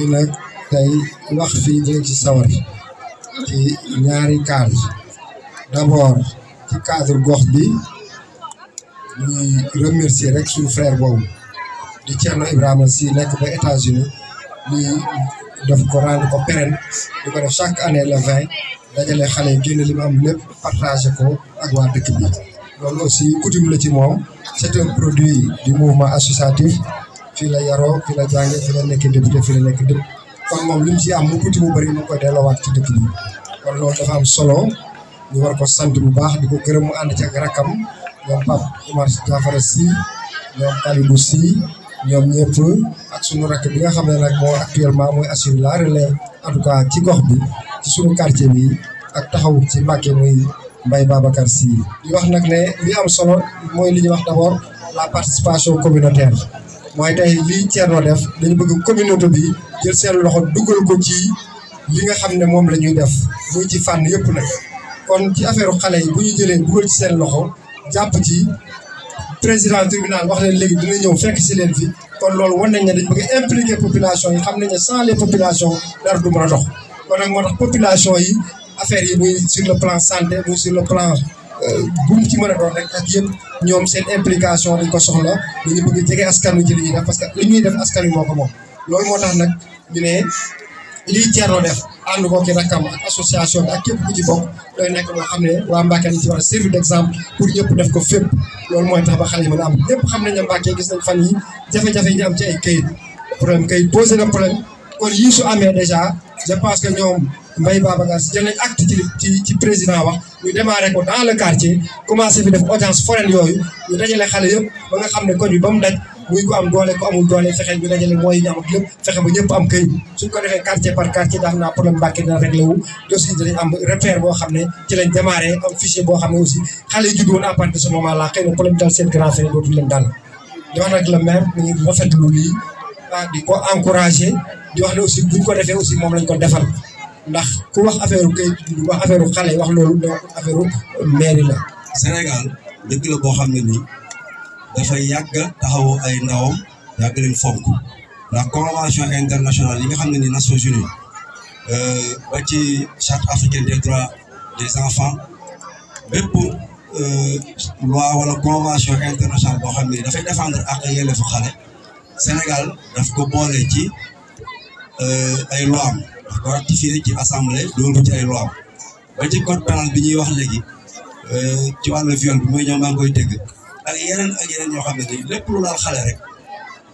bi nag tey wax fii dina ci sawar ci ñaari cadre d'abord ci cadre gox bi ñuy remercier rek suñu frère boobu di Thierno Ibrahima si nekk ba États-Unis li def ko rendre ko pérenne di ko def chaque année le vingt dajale xale yi génn li mu am lépp partagé ko ak waa bi loolu aussi coutume la ci moom c'est un produit du mouvement associatif fii la yaroo fii la jànge fii la nekk député fii la nekk dëpp kon moom li mu si am mu tuuti mu bëri mu ngi koy delloowaat ci dëkk bi kon loolu dafa am solo war ko sant bu baax di ko gërëm mu ànd ci ak rakkam ñoom Pape Oumar Diafara Sy ñoom Kalidou Sy ñoom ñëpp ak sunu rakk bi nga xam ne nag actuellement mooy assurer la relève en tout cas ci gox bi sunu quartier bi ak taxaw ci Mbàkke muy Mbaye Babacar Sy di wax nag ne li am solo mooy li ñuy wax d'abord la participation communautaire mooy tey lii Thierno def dañu bëgg communauté bi jël seen loxo dugal ko ci li nga xam ne moom la ñuy def muy ci fànn yëpp nag kon ci affaire xale yi bu ñu jëlee dugal ci seen loxo jàpp ci président tribunal wax leen léegi dina ñëw fekk si leen fi kon lool wan nañ ne dañ bëgg impliquer population yi xam nañ ne sans les populations dara du mën a dox kon nag moo tax population yi affaire yi muy sur le plan santé muy sur le plan bu mu ci mën a doon rek ak yëpp ñoom seen implication dañ ko soxla dañu bëgg jege askan wi ci li ñuy def parce que li ñuy def askan wi moo ko moom loolu moo tax nag ñu ne lii Thierno def ànd ki rakkam association ak képp ku ci a servir loolu mooy tax ba xale yi mën a am ñëpp xam nañ ne Mbacke gis nañ fan yi jafe-jafe yi ñu am ci ay kayit problème kayit posé na problème kon yii amee déjà je pense que ñoom Mbaye Babacar si jël nañ ci président wax ñu démarré ko dans le quartier commencé fi def audience foraine yooyu ñu dajale xale yëpp ba nga xam ne koñ bi ba mu daj muy ko am doole ko mooy ñu am ak ko defee quartier par xam ne ci lañ démarré am fichier xam ne aussi xale yi judd woon à ah, ko encouragé di wax ne aussi buñ ko defee aussi moom lañ ko defal ndax ku wax affaire kay wax affaire xale wax loolu donc affaire mairie la. Sénégal dëkk la boo xam ne nii dafay yàgg taxawu ay ndawam yàgg leen fonk ndax convention internationale yi nga xam ne nii Nations Unies euh, ba ci charte africaine des droits des enfants bépp euh, loi wala convention internationale boo xam ne nii dafay défendre ak yelleefu xale Sénégal daf ko boole ci euh, ay loi ko ratifié ci assemblée loolu ci ay loi ba ci code pénal bi ñuy wax léegi euh, ci wàllu viol bi mooy ñoom maa ngi koy dégg ak yeneen ak yeneen xam ne ni lépp lu laal xale rek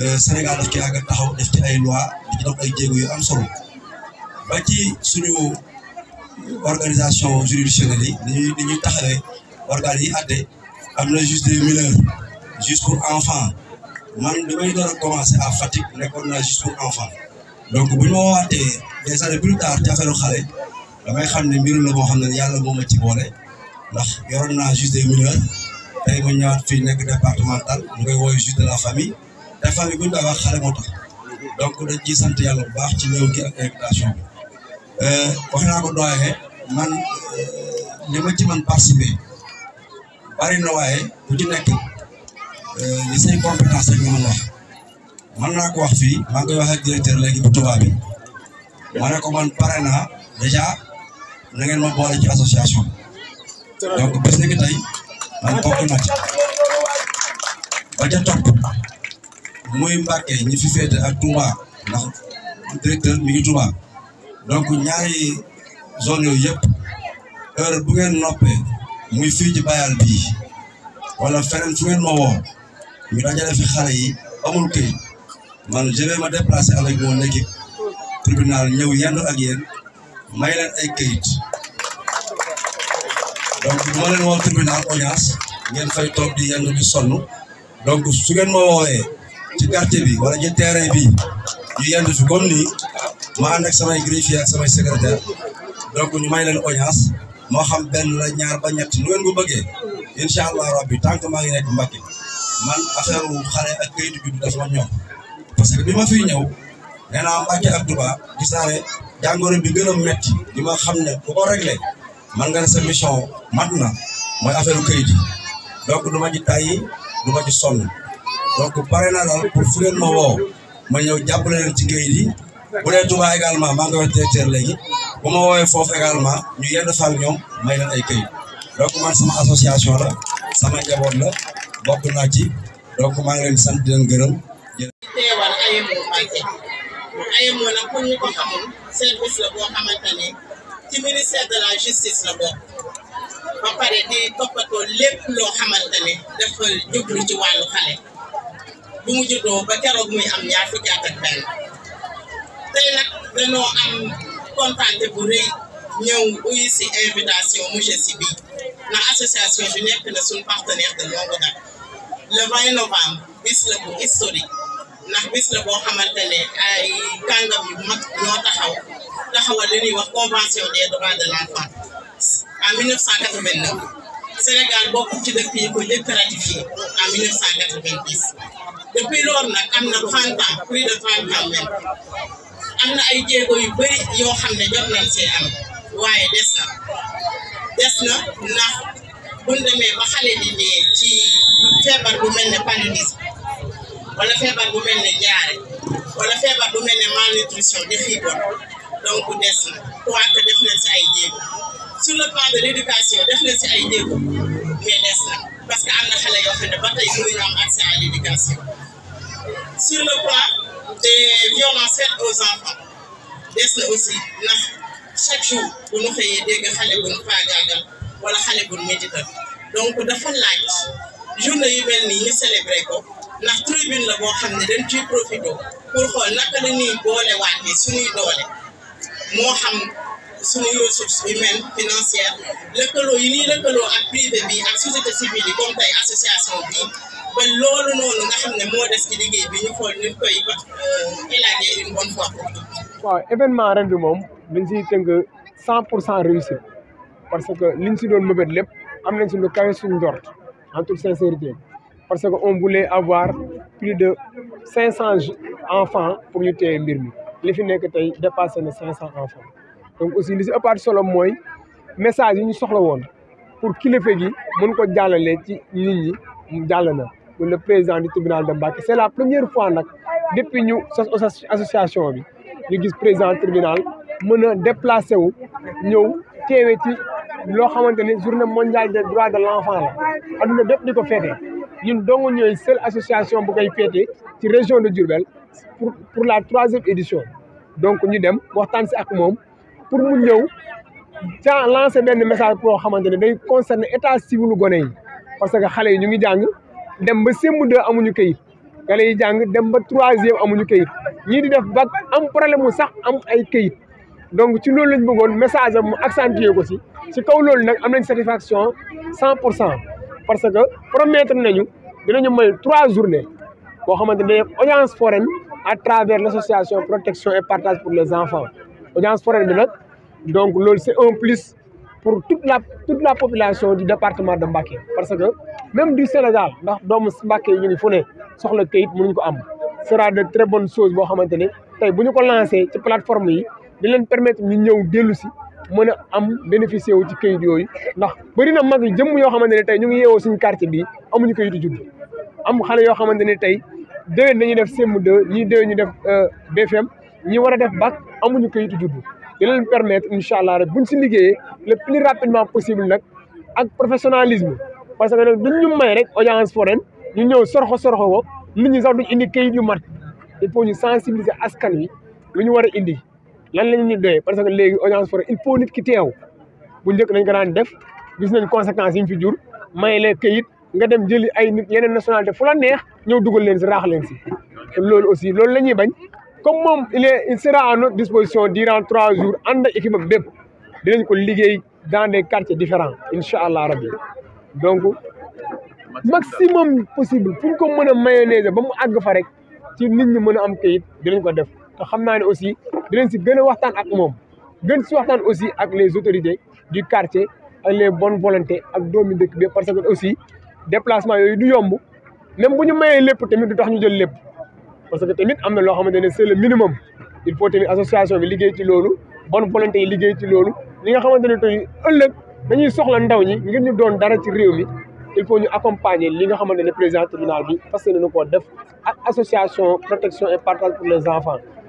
euh, Sénégal daf ci àgg taxaw def ci ay loi di ci dox ay jéego yu am solo ba ci suñu organisation juridictionnelle yi dañuy dañuy taxawee organes yi àtte am na juge des mineurs juge pour enfant man a commencé à Fatick nekkoon naa juge pour donc bu ñu ma woowaatee des années plus tard ci affaire damay xam ne mbir la boo xam ne yàlla moo ma ci boole ndax yoroon naa juge des mineurs tey ma ñëwaat fii nekk départemental mu koy woowee juge de la famille te famille bu ñu daa wax xale moo tax donc dañ ciy yàlla bu baax ci ñëw gi ak invitation bi euh, man euh, li ma ci man participer bari na waaye bu ci nekk euh, li say compétence rek nga man naa ko wax fii maa ngi koy wax ak directeur léegi bu Touba bi ma ne ko man pare naa dèjà na ngeen ma boole ci association donc bis ni ki tey man bokk na ci ba muy Mbàkke ñi fi féete ak Touba ndax directeur donc ñaari zone yooyu yëpp heure bu ngeen noppee muy fii ci bayal bii wala feneen fu ngeen ma woo ñu fi xale amul këy man je vais me déplacer avec mon équipe ñëw yendu ak yéen may ay këyit donc bu ma leen woo tribunal audience ngeen di yendu di sonn donc su ngeen ma ci quartier bi wala ci terrain bi ñu yendu fi comme nii ma ànd ak samay greffier ak samay secrétaire donc ñu may leen audience moo xam benn la ñaar ba ñett nu ngeen ko bëggee allah rabbi tant que maa ngi nekk Mbàkke man ak kayitu juddu dafa ma ñor parce que bi ma fiy ñëw nee naa ne jàngoro bi gën a metti bi ma xam ne bu ko réglé man nga ne sa mission mat na mooy affaire këyit yi donc du ma ci tàyyi du ma ci sonn donc pare naa daal pour fu ngeen ma woo ma ñëw jàppale leen ci këyit yi bu léegi bu ma woowee foofu également ay këyit man sama association la sama njaboot la bokk naa ci donc maa ngi leen gërëm. teewal ayemo Mbacké ayemo nag pour ñu ko xamul service la boo xamante ne ci ministère de la justice la bokk ba pare di toppatoo lépp loo xamante ne dafa jublu ci wàllu xale bu mu ba keroog muy am ñaar fukki at ak benn tey nag danoo am kontaante bu rëy ñëw uyu si invitation monsieur bi na association bi nekk na suñu partenaire de longue date le 20 novembre bis la bu historique ndax bis la boo xamante ne ay kàngam yu mag ñoo taxaw taxawal li ñuy wax convention des droits de l'enfant en 1989 Sénégal bokk ci dëkk yi ko njëkk ratifié en 1990 depuis loolu nag am na 30 ans plus de 30 ans même am na ay jéego yu bëri yoo xam ne jot see am waaye des na des na ndax buñ demee ba xale di dee ci feebar bu mel ne paludisme. wala feebar bu mel ne jaare wala feebar bu mel ne malnutrition defi bon donc des na kuwaat def nañ si ay sur le plan de l' éducation def nañ si ay jéego des na parce que am na xale yoo xam ne ba tey mënuñu am accès à sur le plan des violences faites aux enfants des na aussi ndax chaque jour bu ñu xëyee dégg xale bu faagaagal wala xale bu médical donc dafa laaj journée yu mel ni ñu célébré ko. ndax tribune la boo xam ne dañ ciy profité pour xool naka la ñuy boole waatee suñuy doole moo xam suñuy ressources humaines financières lëkkaloo yi ñuy lëkkaloo ak privé bi ak société civile yi comme tey association bi ba loolu noonu nga xam ne moo des ci liggéey bi ñu xool ñu koy ba euh, élaguer une bonne fois pour tout. événement ren bi moom dañ siy tënk cent pour cent réussite parce que liñ si doon mëbët lépp am nañ si lu kawe suñu njort en toute sincérité. parce que qu'on voulait avoir plus de cinq cent enfants pour ñu téye mbir mi li fi nekk tey dépassé na cinq cent enfants donc aussi li si ëppaat solo mooy message yi ñu soxla woon pour kilifa gi mën ko jàllale ci nit ñi jàll na le président du tribunal de Mbacké c'est la première fois nag depuis ñu sos association bi ñu gis président tribunal mën a déplacé wu ñëw teewe ci loo xamante ni journée mondiale des droits de l'enfant la adduna bépp di ko feetee ñun dong ñooy seule association bu koy féetee ci région de Diourbel pour pour la troisième édition donc ñu dem waxtaan si ak moom pour mu ñëw ca lancer benn message boo xamante ne day concerner état civil gone yi parce que xale yi ñu ngi jàng dem ba cm amuñu kayit xale yi jàng dem ba troisième amuñu kayit ñii di def ba am problème mu sax am ay kayit donc ci loolu lañ bëggoon message am mu accentuer ko si si kaw loolu nag am nañ satisfaction cent pour cent parce que promettre nañu dinañu may trois journées boo xamante ne audience foraine à travers l' association protection et partage pour les enfants audience foraine bi nag donc loolu c' est un plus pour toute la toute la population di département de Mbacké parce que même du Sénégal ndax doomu Mbacké ñu ni fu ne soxla kayit ñu ko am sera de très bonne chose boo xamante ni tey bu ñu ko lancé ci plateforme yi di permettre ñu ñëw dellu si mën a am bénéficié wu ci kayit yooyu ndax bëri na mag jëmm yoo xamante ne tey ñu ngi yeewoo suñu quartier bi amuñu kayitu judd am xale yoo xamante ne tey déwén nañu def CM2 ñii déwén ñu def euh, BFM ñi war a def bak amuñu kayitu judd dina permetre permettre allah rek buñ si liggéeyee le plus rapidement possible nag ak professionnalisme parce que nag duñ ñu may rek audience foraine ñu ñëw sorxo sorxo ko nit ñi sax duñ indi kayit yu mat il faut ñu sensibiliser askan yi lu ñu war a indi lan la ñuy doyee parce que léegi audience forêt il faut nit ki teew bu njëkk nañ ko daan def gis nañ conséquences yi ñu fi jur may la këyit nga dem jëli ay nit yeneen nationalité fu la neex ñëw dugal leen si raax leen si loolu aussi loolu la ñuy bañ comme moom il est il sera à notre disposition durant trois jours ànd ak équipe am bépp dinañ ko liggéey dans des quartiers différents incha allah rabbi donc maximum possible fu ñu ko mën a mayonnaise ba mu àgg fa rek ci nit ñi mën a am këyit dinañ ko def te xam naa ne aussi dinañ si gën a waxtaan ak moom gën si waxtaan aussi ak les autorités du quartier ak les bonnes volontés ak doomi dëkk bi parce que aussi déplacement yooyu du yomb même bu ñu mayee lépp tamit du tax ñu jël lépp parce que tamit am na loo xamante ne c'est le minimum il faut tamit association bi liggéey ci loolu bonne volonté yi liggéey ci loolu ñi nga xamante ne tey ëllëg dañuy soxla ndaw ñi ngir ñu doon dara ci réew mi il faut ñu accompagner li nga xamante ne président tribunal bi parce que nañu ko def association protection et partage les enfants